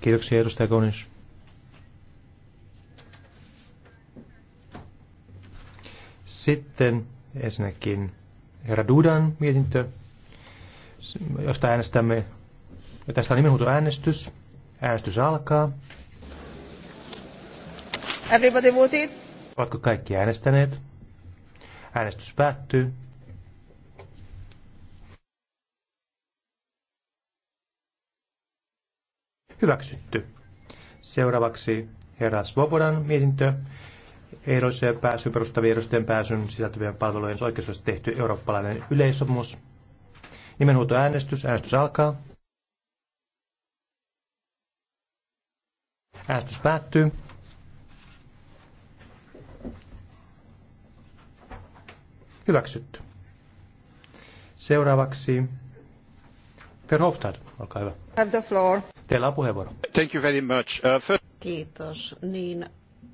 Kiitoksia edustaja Konis. Sitten ensinnäkin herra Dudan mietintö, josta äänestämme. Tästä on nimenhuuto äänestys. Äänestys alkaa. Everybody voted. Ovatko kaikki äänestäneet? Äänestys päättyy. hyväksytty. Seuraavaksi herra Svobodan mietintö ja pääsyn perustavien edustajien pääsyn sisältyvien palvelujen oikeudessa tehty eurooppalainen yleissopimus. Nimenhuuto äänestys. Äänestys alkaa. Äänestys päättyy. Hyväksytty. Seuraavaksi Verhofstadt, olkaa hyvä. Have the floor. Teillä on puheenvuoro. Thank you very much. Uh, first... Kiitos. Niin,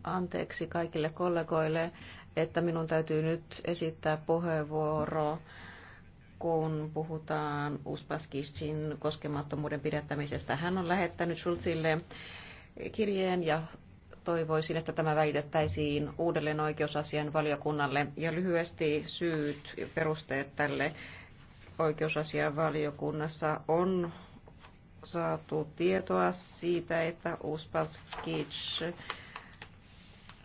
anteeksi kaikille kollegoille, että minun täytyy nyt esittää puheenvuoro kun puhutaan Uspaskicin koskemattomuuden pidättämisestä. Hän on lähettänyt Schulzille kirjeen ja toivoisin, että tämä väitettäisiin uudelleen oikeusasian valiokunnalle. Ja lyhyesti syyt ja perusteet tälle oikeusasian valiokunnassa on saatu tietoa siitä, että Uspaskic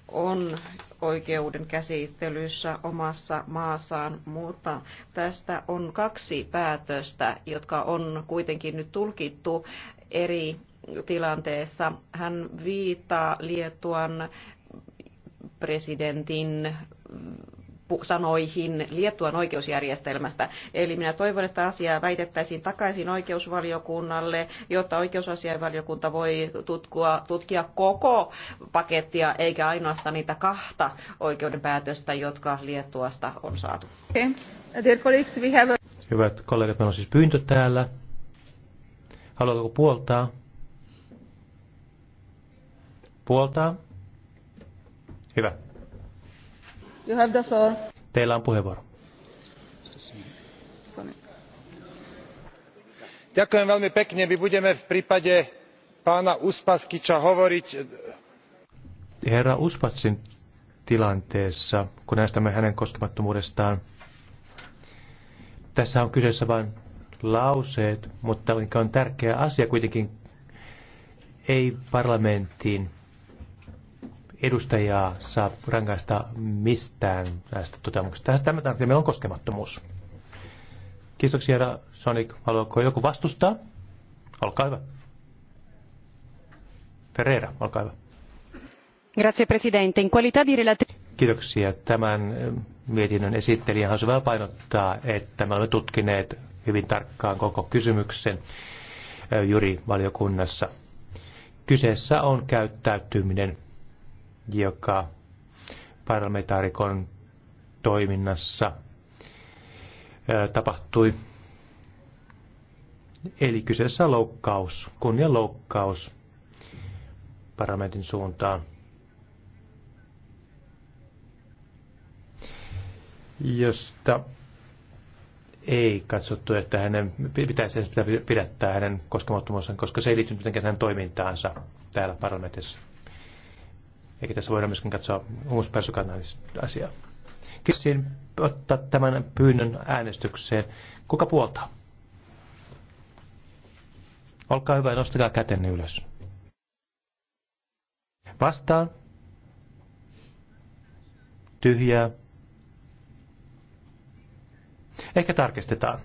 on oikeuden käsittelyssä omassa maassaan, mutta tästä on kaksi päätöstä, jotka on kuitenkin nyt tulkittu eri tilanteessa. Hän viittaa Liettuan presidentin sanoihin Liettuan oikeusjärjestelmästä. Eli minä toivon, että asiaa väitettäisiin takaisin oikeusvaliokunnalle, jotta oikeusasiainvaliokunta voi tutkua, tutkia koko pakettia, eikä ainoastaan niitä kahta oikeudenpäätöstä, jotka Liettuasta on saatu. Hyvät kollegat, meillä on siis pyyntö täällä. Haluatko puoltaa? Puoltaa? Hyvä. You have the floor. Teillä on puheenvuoro. Ďakujem veľmi pekne. My budeme v prípade pána Uspaskiča hovoriť... Herra Uspatsin tilanteessa, kun näistämme hänen koskemattomuudestaan, tässä on kyseessä vain lauseet, mutta on tärkeä asia kuitenkin ei parlamenttiin edustajaa saa rangaista mistään näistä toteamuksista. Tämä tarkoittaa, meillä on koskemattomuus. Kiitoksia, herra Sonic. Haluatko joku vastustaa? Olkaa hyvä. Ferreira, olkaa hyvä. Grazie, Presidente. In qualità di relatrice... Kiitoksia. Tämän eh, mietinnön esittelijä on hyvä painottaa, että me olemme tutkineet hyvin tarkkaan koko kysymyksen eh, valiokunnassa. Kyseessä on käyttäytyminen joka parlamentaarikon toiminnassa tapahtui. Eli kyseessä on loukkaus, kunnianloukkaus parlamentin suuntaan. josta ei katsottu, että hänen pitäisi pitää pidättää hänen koskemattomuusensa, koska se ei liittynyt mitenkään hänen toimintaansa täällä parlamentissa. Eikä tässä voida myöskin katsoa uuspersukannan asiaa. Kissin ottaa tämän pyynnön äänestykseen. Kuka puoltaa? Olkaa hyvä ja nostakaa kätenne ylös. Vastaan. Tyhjää. Ehkä tarkistetaan.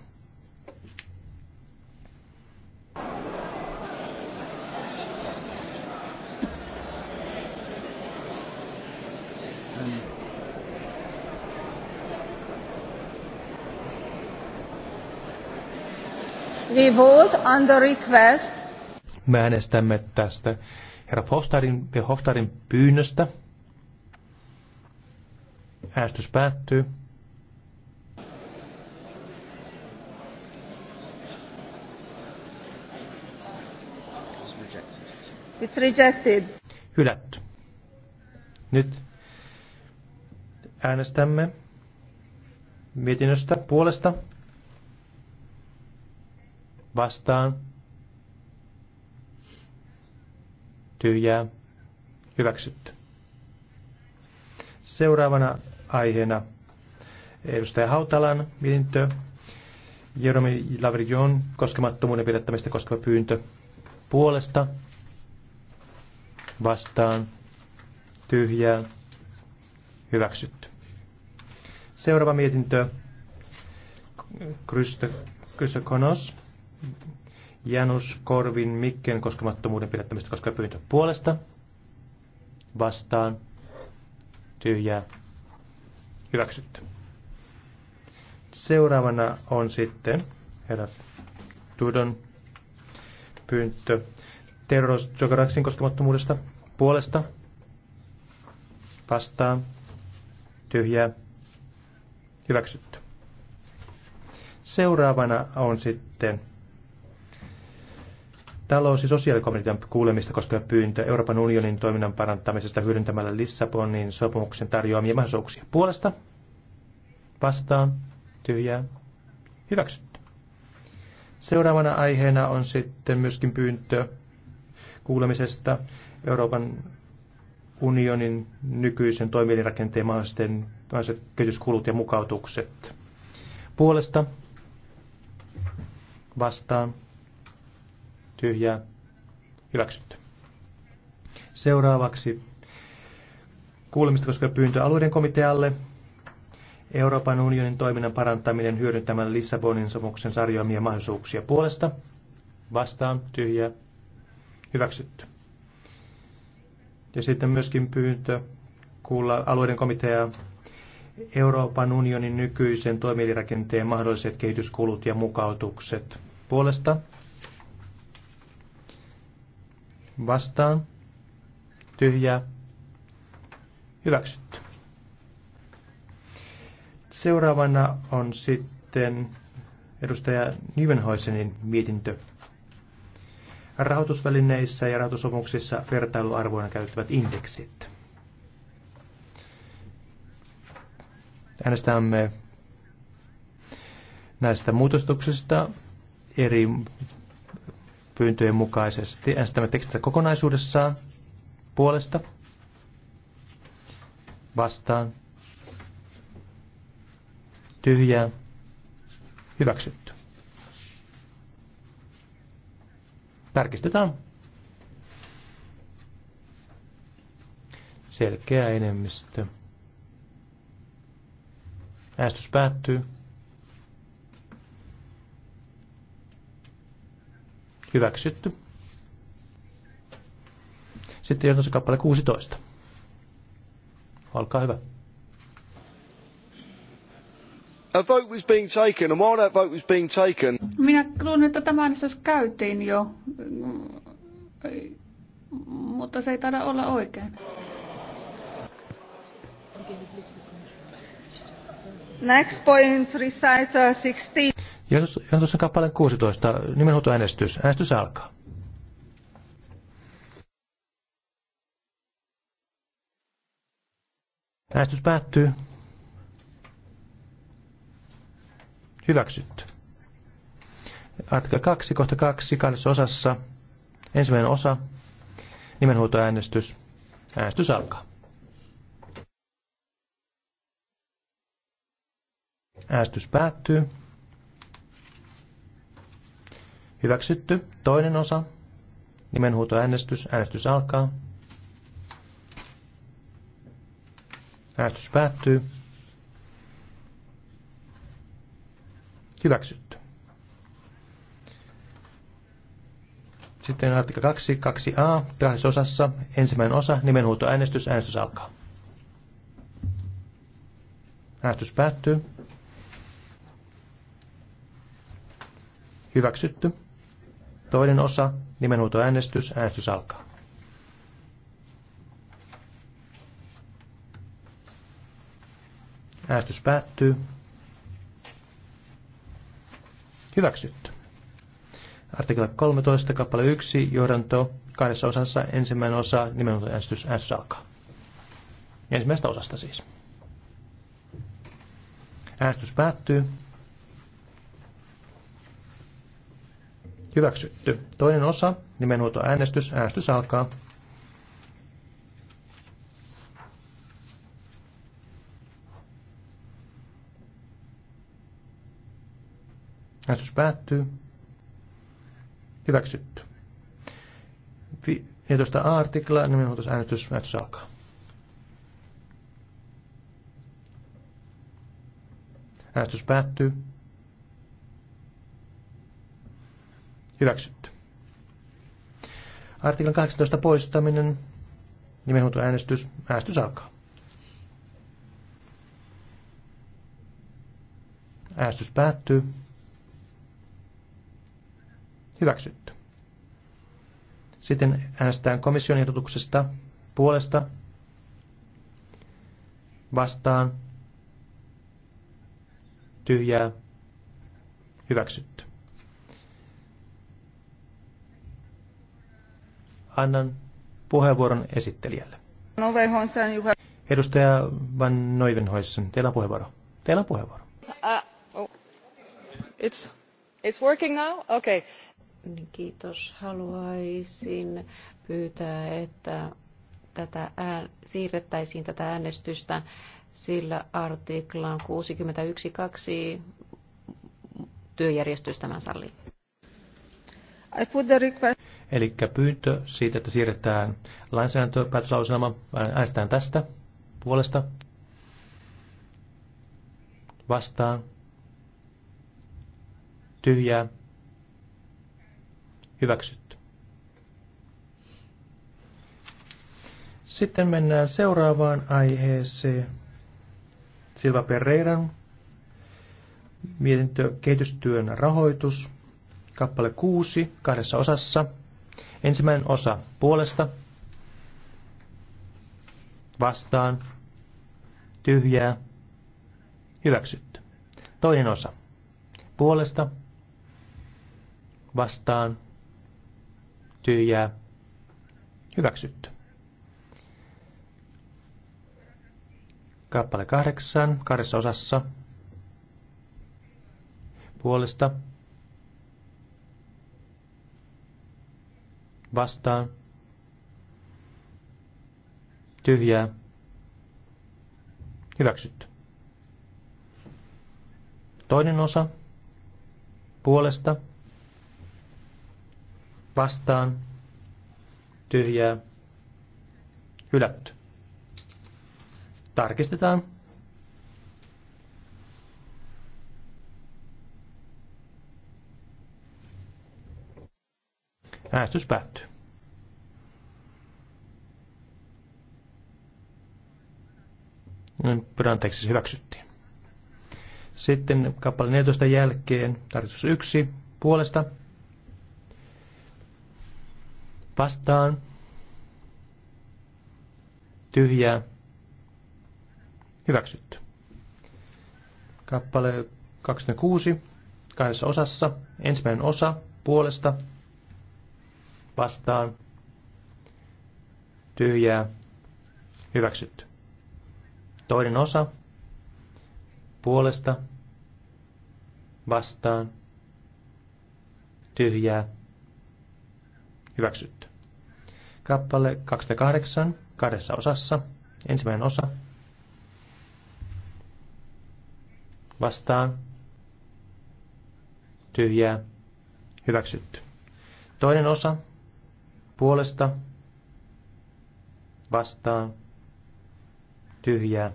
We vote on the request. Me äänestämme tästä herra Hofstarin, Hofstadin pyynnöstä. Äänestys päättyy. It's rejected. Hylätty. Nyt äänestämme mietinnöstä puolesta vastaan, tyhjää, hyväksytty. Seuraavana aiheena edustaja Hautalan mietintö, Jeromi Lavrion koskemattomuuden pidättämistä koskeva pyyntö puolesta, vastaan, tyhjää, hyväksytty. Seuraava mietintö, Krystö Konos, Janus Korvin Mikken koskemattomuuden pidättämistä koskeva pyyntö puolesta. Vastaan. Tyhjää. Hyväksytty. Seuraavana on sitten herra Tudon pyyntö Terros Jokaraksin koskemattomuudesta puolesta. Vastaan. Tyhjää. Hyväksytty. Seuraavana on sitten Talous- ja sosiaalikomitean kuulemista koskeva pyyntö Euroopan unionin toiminnan parantamisesta hyödyntämällä Lissabonin sopimuksen tarjoamia mahdollisuuksia. Puolesta? Vastaan? Tyhjää? Hyväksytty. Seuraavana aiheena on sitten myöskin pyyntö kuulemisesta Euroopan unionin nykyisen toimielinrakenteen mahdollisten kehityskulut ja mukautukset. Puolesta? Vastaan? tyhjää, hyväksytty. Seuraavaksi kuulemista koskeva pyyntö alueiden komitealle. Euroopan unionin toiminnan parantaminen hyödyntämällä Lissabonin sopimuksen sarjoamia mahdollisuuksia puolesta. Vastaan, tyhjä, hyväksytty. Ja sitten myöskin pyyntö kuulla alueiden komiteaa Euroopan unionin nykyisen toimielirakenteen mahdolliset kehityskulut ja mukautukset puolesta vastaan, tyhjää, hyväksytty. Seuraavana on sitten edustaja Nyvenhoisenin mietintö. Rahoitusvälineissä ja rahoitusomuksissa vertailuarvoina käyttävät indeksit. Äänestämme näistä muutostuksista eri pyyntöjen mukaisesti. Äänestämme tekstistä kokonaisuudessaan puolesta vastaan tyhjää hyväksytty. Tarkistetaan. Selkeä enemmistö. Äänestys päättyy. Hyväksytty. Sitten johdossa kappale 16. Olkaa hyvä. A vote was being taken, and while that vote was being taken... Minä luulen, että tämä äänestys käytiin jo, mutta se ei taida olla oikein. Next point, recite 16. Jeesus Johdatuksen kappaleen 16, nimenhuutoäänestys. Äänestys alkaa. Äänestys päättyy. Hyväksytty. Artikla 2, kohta 2, kahdessa osassa. Ensimmäinen osa, nimenhuutoäänestys. Äänestys alkaa. Äänestys päättyy. Hyväksytty. Toinen osa. Nimenhuutoäänestys. Äänestys alkaa. Äänestys päättyy. Hyväksytty. Sitten artikla 2, 2a, kahdessa osassa, ensimmäinen osa, nimenhuutoäänestys, äänestys alkaa. Äänestys päättyy. Hyväksytty. Toinen osa, nimenhuutoäänestys, äänestys alkaa. Äänestys päättyy. Hyväksytty. Artikla 13, kappale 1, johdanto kahdessa osassa, ensimmäinen osa, nimenhuutoäänestys, äänestys alkaa. Ensimmäisestä osasta siis. Äänestys päättyy. Hyväksytty. Toinen osa, nimenhuuto äänestys. Äänestys alkaa. Äänestys päättyy. Hyväksytty. 14 artikla, nimenhuutos äänestys. Äänestys alkaa. Äänestys päättyy. Hyväksytty. Artiklan 18 poistaminen. Nimenhuuto äänestys. Äänestys alkaa. Äänestys päättyy. Hyväksytty. Sitten äänestetään komission ehdotuksesta puolesta vastaan tyhjää hyväksytty. annan puheenvuoron esittelijälle. Edustaja Van Noivenhoisen, teillä on puheenvuoro. Teillä on puheenvuoro. Uh, oh. it's, it's working now? Okay. Niin, kiitos. Haluaisin pyytää, että tätä ään, siirrettäisiin tätä äänestystä sillä artiklan 61.2 työjärjestys tämän salliin. I put the request. Eli pyyntö siitä, että siirretään lainsäädäntöpäätöslauselma, äh, äänestetään tästä puolesta vastaan tyhjää hyväksytty. Sitten mennään seuraavaan aiheeseen. Silva Pereiran mietintö kehitystyön rahoitus, kappale 6, kahdessa osassa. Ensimmäinen osa puolesta, vastaan, tyhjää, hyväksytty. Toinen osa puolesta, vastaan, tyhjää, hyväksytty. Kappale kahdeksan, kahdessa osassa, puolesta, vastaan, tyhjää, hyväksytty. Toinen osa puolesta, vastaan, tyhjää, hylätty. Tarkistetaan. Äänestys päättyy. Pyranteeksi hyväksyttiin. Sitten kappale 14 jälkeen tarkistus 1 puolesta. Vastaan. Tyhjää. Hyväksytty. Kappale 26 kahdessa osassa. Ensimmäinen osa puolesta vastaan, tyhjää, hyväksytty. Toinen osa, puolesta, vastaan, tyhjää, hyväksytty. Kappale 28 kahdessa osassa. Ensimmäinen osa, vastaan, tyhjää, hyväksytty. Toinen osa puolesta vastaan tyhjää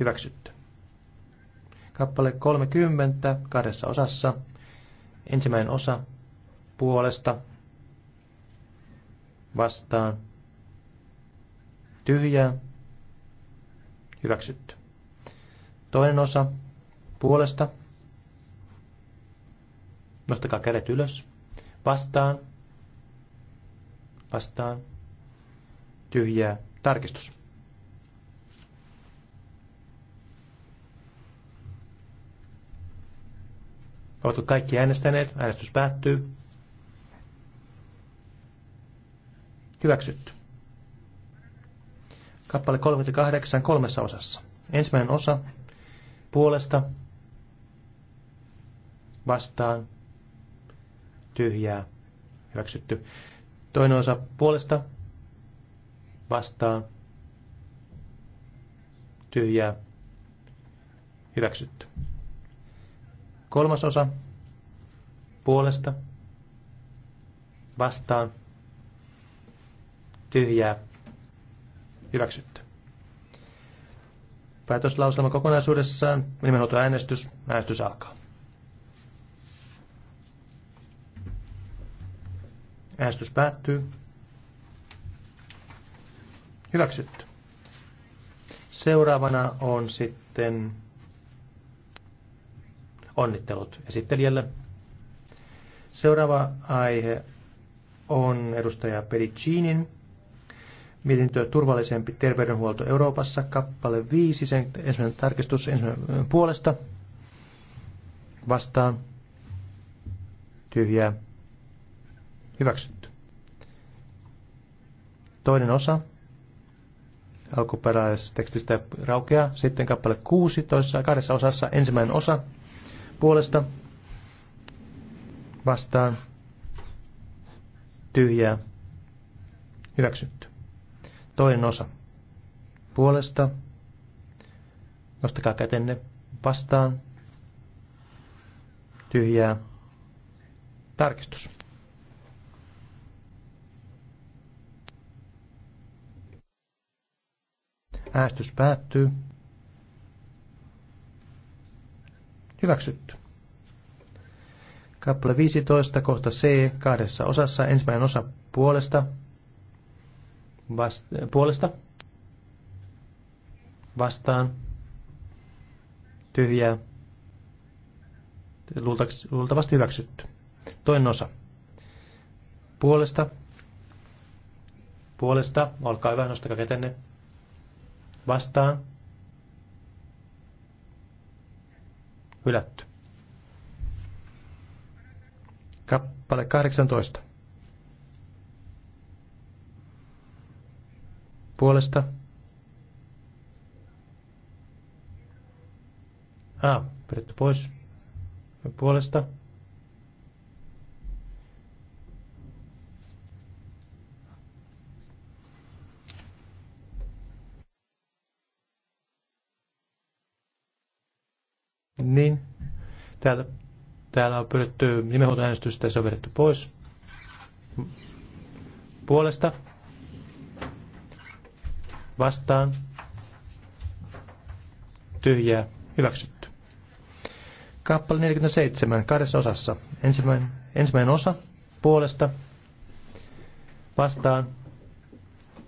hyväksytty. Kappale 30 kahdessa osassa. Ensimmäinen osa puolesta vastaan tyhjää hyväksytty. Toinen osa puolesta. Nostakaa kädet ylös. Vastaan vastaan tyhjää tarkistus. Ovatko kaikki äänestäneet? Äänestys päättyy. Hyväksytty. Kappale 38 kolmessa osassa. Ensimmäinen osa puolesta vastaan tyhjää hyväksytty. Toinen osa puolesta vastaan tyhjää hyväksytty. Kolmas osa puolesta vastaan tyhjää hyväksytty. Päätöslauselma kokonaisuudessaan, nimenhuolto äänestys, äänestys alkaa. Äänestys päättyy. Hyväksytty. Seuraavana on sitten onnittelut esittelijälle. Seuraava aihe on edustaja Pericinin mietintö turvallisempi terveydenhuolto Euroopassa, kappale 5, sen ensimmäinen tarkistus ensimmäinen puolesta vastaan tyhjää Hyväksytty. Toinen osa alkuperäisestä tekstistä raukeaa. Sitten kappale 16, kahdessa osassa ensimmäinen osa puolesta vastaan tyhjää hyväksytty. Toinen osa puolesta nostakaa kätenne vastaan tyhjää tarkistus. äästys päättyy. Hyväksytty. Kappale 15, kohta C, kahdessa osassa. Ensimmäinen osa puolesta. Vast, äh, puolesta. Vastaan. Tyhjää. Luultavasti hyväksytty. Toinen osa. Puolesta. Puolesta. Olkaa hyvä, nostakaa kätenne vastaan, hylätty. Kappale 18. Puolesta. A, ah, pidetty pois. Puolesta. Niin, täällä, täällä on pyydetty nimenhuoltoäänestystä, se on vedetty pois. Puolesta. Vastaan. Tyhjää. Hyväksytty. Kappale 47, kahdessa osassa. Ensimmäinen, ensimmäinen osa puolesta vastaan,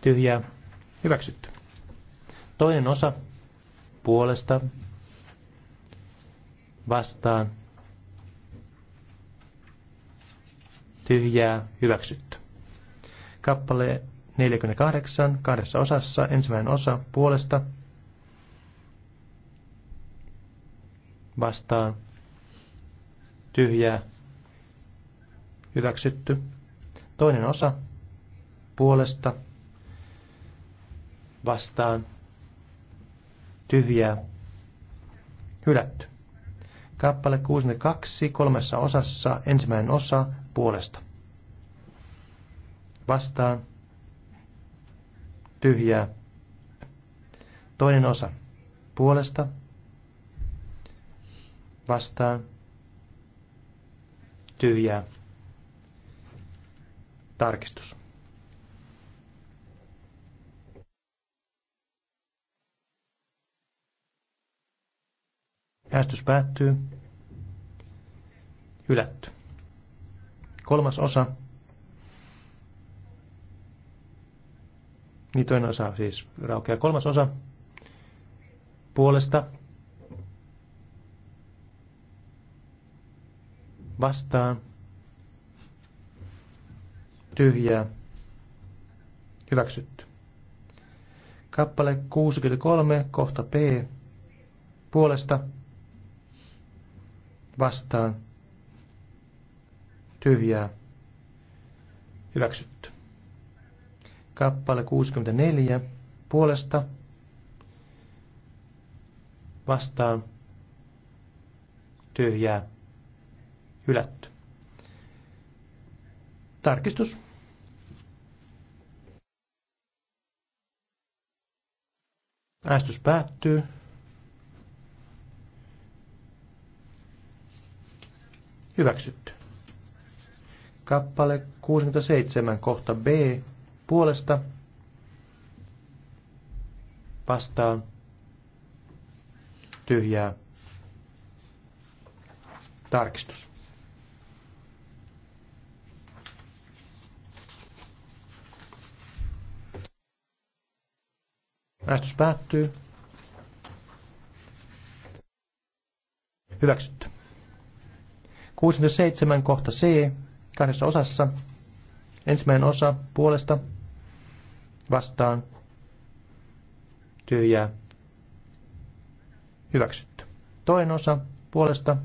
tyhjää, hyväksytty. Toinen osa puolesta, vastaan tyhjää hyväksytty. Kappale 48 kahdessa osassa, ensimmäinen osa puolesta vastaan tyhjää hyväksytty. Toinen osa puolesta vastaan tyhjää hylätty. Kappale 62 kolmessa osassa, ensimmäinen osa puolesta. Vastaan. Tyhjää. Toinen osa puolesta. Vastaan. Tyhjää. Tarkistus. Äästys päättyy. Hylätty. Kolmas osa. Niin toinen osa siis raukeaa. Kolmas osa puolesta vastaan tyhjää hyväksytty. Kappale 63 kohta P puolesta vastaan tyhjää hyväksytty. Kappale 64 puolesta vastaan tyhjää hylätty. Tarkistus. Äänestys päättyy. Hyväksytty. Kappale 67 kohta B puolesta vastaan tyhjää tarkistus. Äänestys päättyy. Hyväksytty. 67 kohta C kahdessa osassa. Ensimmäinen osa puolesta vastaan tyhjää hyväksytty. Toinen osa puolesta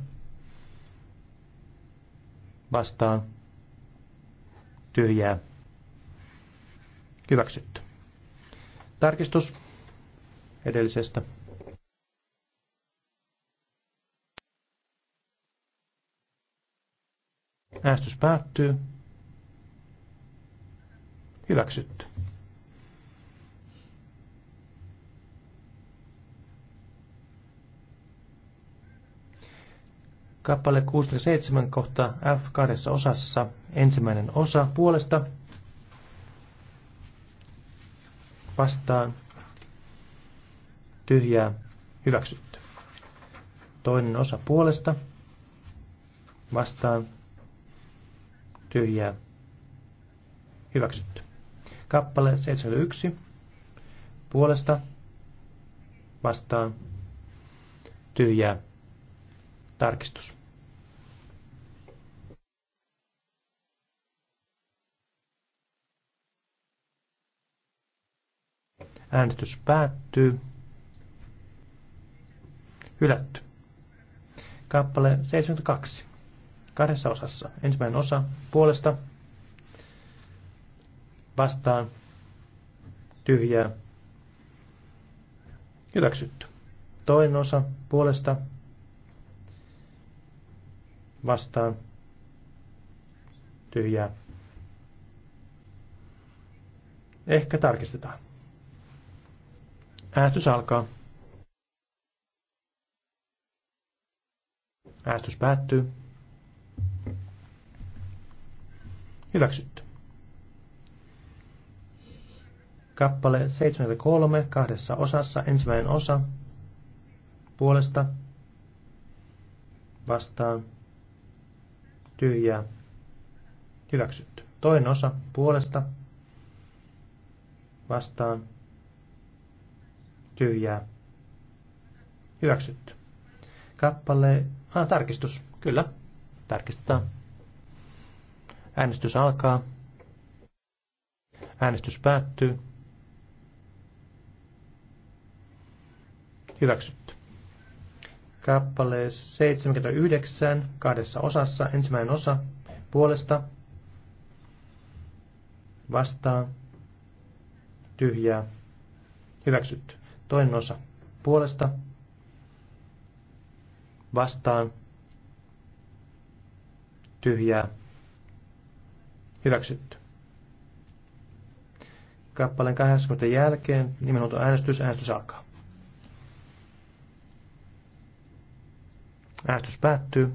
vastaan tyhjää hyväksytty. Tarkistus edellisestä Äänestys päättyy. Hyväksytty. Kappale 67 kohta F kahdessa osassa. Ensimmäinen osa puolesta vastaan tyhjää hyväksytty. Toinen osa puolesta vastaan tyhjää hyväksytty. Kappale 71 puolesta vastaan tyhjää tarkistus. Äänestys päättyy. Hylätty. Kappale 72 kahdessa osassa. Ensimmäinen osa puolesta vastaan tyhjää hyväksytty. Toinen osa puolesta vastaan tyhjää. Ehkä tarkistetaan. Äästys alkaa. Äästys päättyy. Hyväksytty. Kappale 73 kahdessa osassa, ensimmäinen osa puolesta vastaan tyhjää hyväksytty. Toinen osa puolesta vastaan tyhjää hyväksytty. Kappale, ah, tarkistus, kyllä, tarkistetaan. Äänestys alkaa. Äänestys päättyy. Hyväksytty. Kappale 79 kahdessa osassa. Ensimmäinen osa puolesta. Vastaan. Tyhjää. Hyväksytty. Toinen osa puolesta. Vastaan. Tyhjää. Hyväksytty. Kappaleen 80 jälkeen nimenhuolto äänestys, äänestys alkaa. Äänestys päättyy.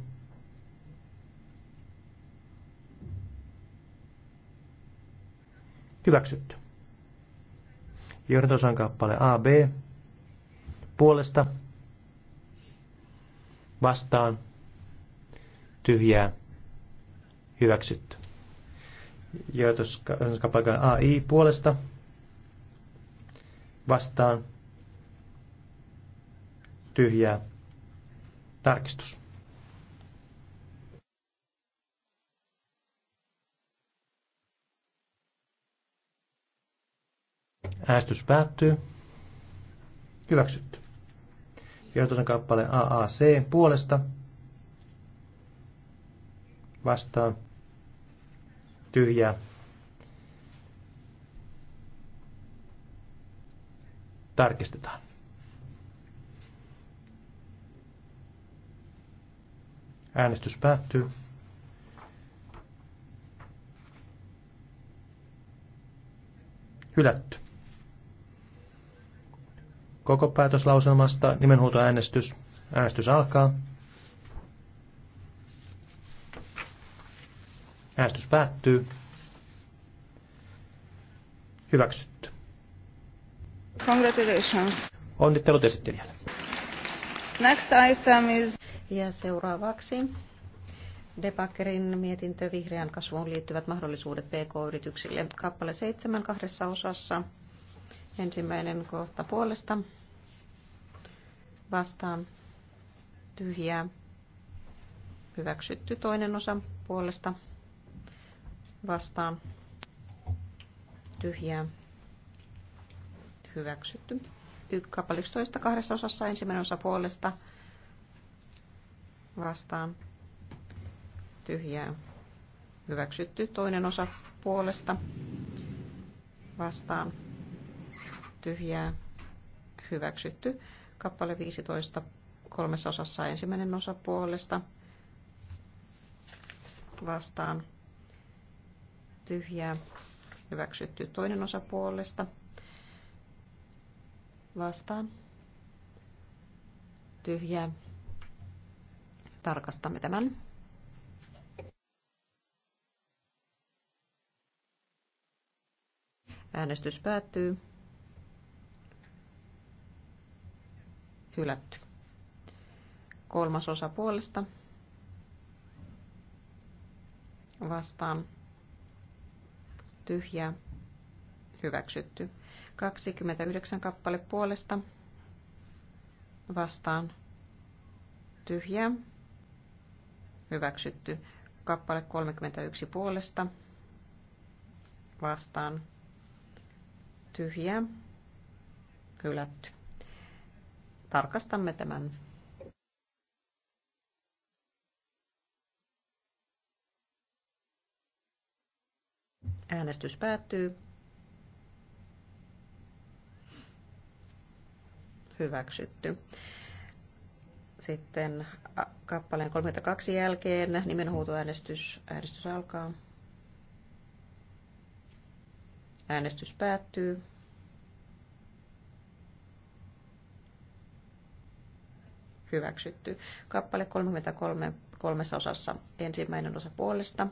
Hyväksytty. Johdantosan kappale AB. Puolesta. Vastaan. Tyhjää. Hyväksytty joituskapaikan AI puolesta vastaan tyhjää tarkistus. Äänestys päättyy. Hyväksytty. Johdotun kappale AAC puolesta vastaan tyhjää. Tarkistetaan. Äänestys päättyy. Hylätty. Koko päätöslauselmasta nimenhuutoäänestys. Äänestys alkaa. Äänestys päättyy. Hyväksytty. Congratulations. Onnittelut esittelijälle. Next item is... Ja seuraavaksi Debakerin mietintö vihreän kasvuun liittyvät mahdollisuudet PK-yrityksille. Kappale seitsemän kahdessa osassa. Ensimmäinen kohta puolesta. Vastaan. Tyhjää. Hyväksytty toinen osa puolesta vastaan tyhjää hyväksytty. Kappale 11 kahdessa osassa ensimmäinen osa puolesta vastaan tyhjää hyväksytty. Toinen osa puolesta vastaan tyhjää hyväksytty. Kappale 15 kolmessa osassa ensimmäinen osa puolesta vastaan tyhjää hyväksytty toinen osa puolesta vastaan tyhjää. Tarkastamme tämän. Äänestys päättyy. Hylätty. Kolmas osa puolesta. Vastaan tyhjää, hyväksytty. 29 kappale puolesta, vastaan, tyhjää, hyväksytty. Kappale 31 puolesta, vastaan, tyhjää, hylätty. Tarkastamme tämän Äänestys päättyy. Hyväksytty. Sitten kappaleen 32 jälkeen nimenhuutoäänestys. Äänestys alkaa. Äänestys päättyy. Hyväksytty. Kappale 33 kolmessa osassa. Ensimmäinen osa puolesta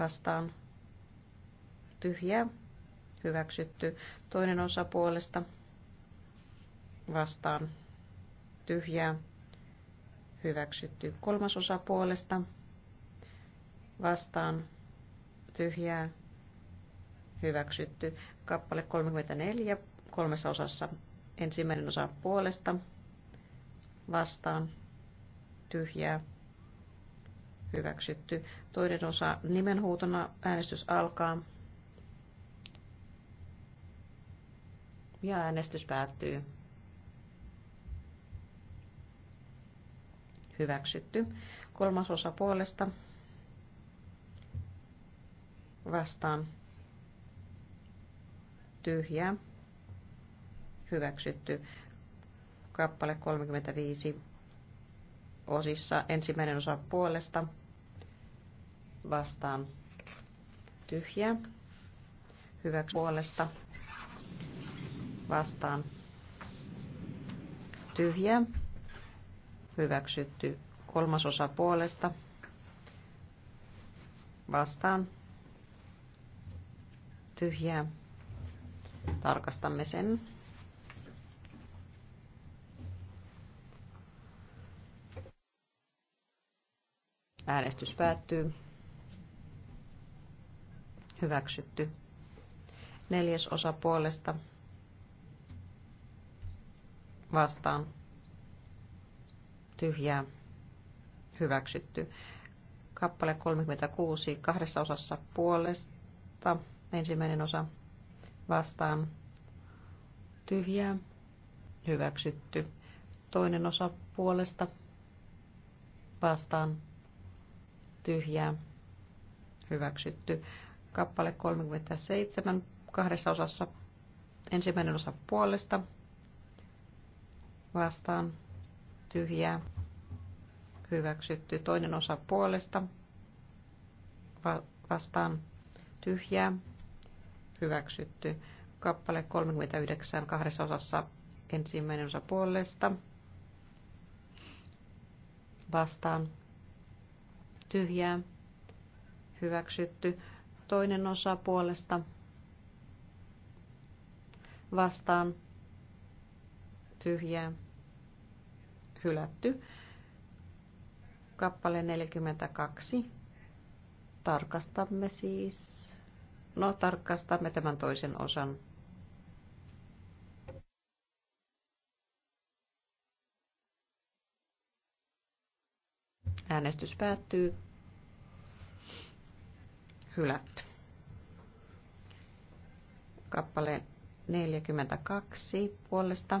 vastaan tyhjää hyväksytty. Toinen osa puolesta vastaan tyhjää hyväksytty. Kolmas osa puolesta vastaan tyhjää hyväksytty. Kappale 34 kolmessa osassa. Ensimmäinen osa puolesta vastaan tyhjää hyväksytty. Toinen osa nimenhuutona äänestys alkaa. Ja äänestys päättyy. Hyväksytty. Kolmas osa puolesta. Vastaan. tyhjä. Hyväksytty. Kappale 35 osissa. Ensimmäinen osa puolesta vastaan tyhjä. Hyväksy puolesta vastaan tyhjä. Hyväksytty kolmasosa puolesta vastaan tyhjä Tarkastamme sen. Äänestys päättyy hyväksytty. Neljäs osa puolesta vastaan tyhjää hyväksytty. Kappale 36 kahdessa osassa puolesta ensimmäinen osa vastaan tyhjää hyväksytty. Toinen osa puolesta vastaan tyhjää hyväksytty kappale 37 kahdessa osassa. Ensimmäinen osa puolesta vastaan tyhjää hyväksytty. Toinen osa puolesta va- vastaan tyhjää hyväksytty. Kappale 39 kahdessa osassa ensimmäinen osa puolesta vastaan tyhjää hyväksytty Toinen osa puolesta vastaan tyhjää hylätty. Kappale 42. Tarkastamme siis. No, tarkastamme tämän toisen osan Äänestys päättyy hylätty. Kappale 42 puolesta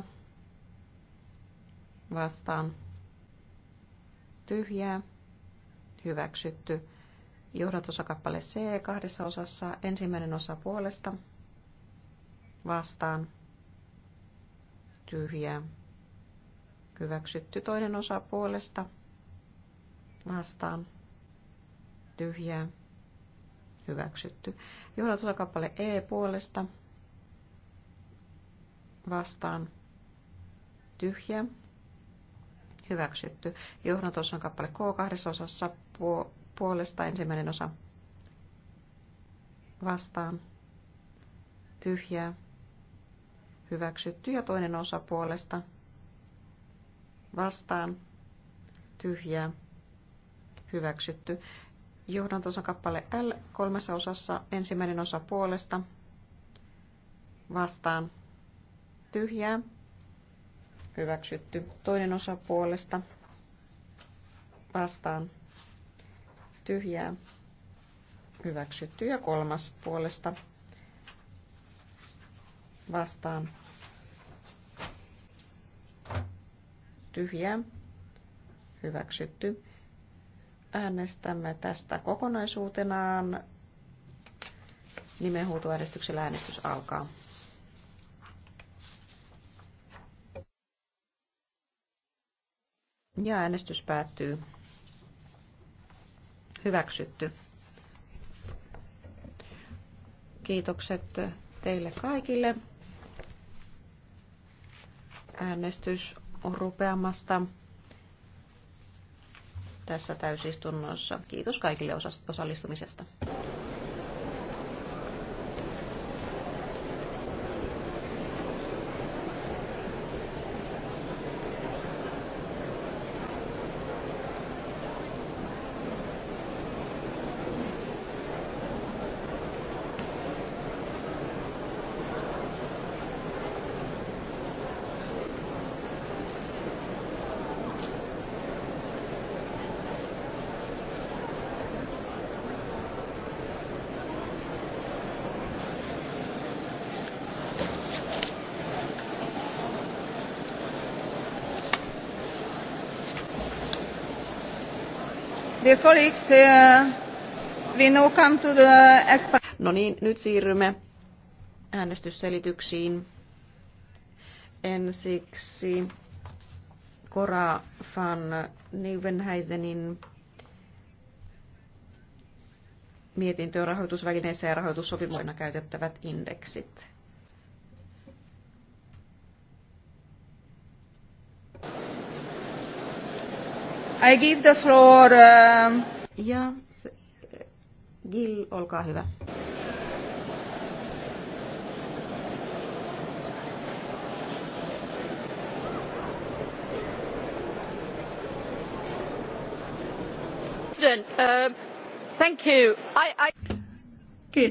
vastaan tyhjää hyväksytty. Johdatusosakappale C kahdessa osassa ensimmäinen osa puolesta vastaan tyhjää hyväksytty toinen osa puolesta vastaan tyhjää hyväksytty. Johdatusosakappale E puolesta vastaan tyhjä hyväksytty. Johdatusosakappale K kahdessa osassa puolesta ensimmäinen osa vastaan tyhjää hyväksytty ja toinen osa puolesta vastaan tyhjää hyväksytty johdantonsa kappale L kolmessa osassa ensimmäinen osa puolesta vastaan tyhjää. Hyväksytty. Toinen osa puolesta vastaan tyhjää. Hyväksytty. Ja kolmas puolesta vastaan tyhjää. Hyväksytty. Äänestämme tästä kokonaisuutenaan. Nimenhuutoäänestyksellä äänestys alkaa. Ja äänestys päättyy. Hyväksytty. Kiitokset teille kaikille äänestys on rupeamasta tässä täysistunnossa. Kiitos kaikille osallistumisesta. Uh, no niin, nyt siirrymme äänestysselityksiin. Ensiksi Cora van Nieuwenhuizenin mietintö rahoitusvälineissä ja rahoitussopimuksena käytettävät indeksit. I give the floor... Uh... Ja Gil, olkaa hyvä. President, uh, thank you. I, I... Kiitos.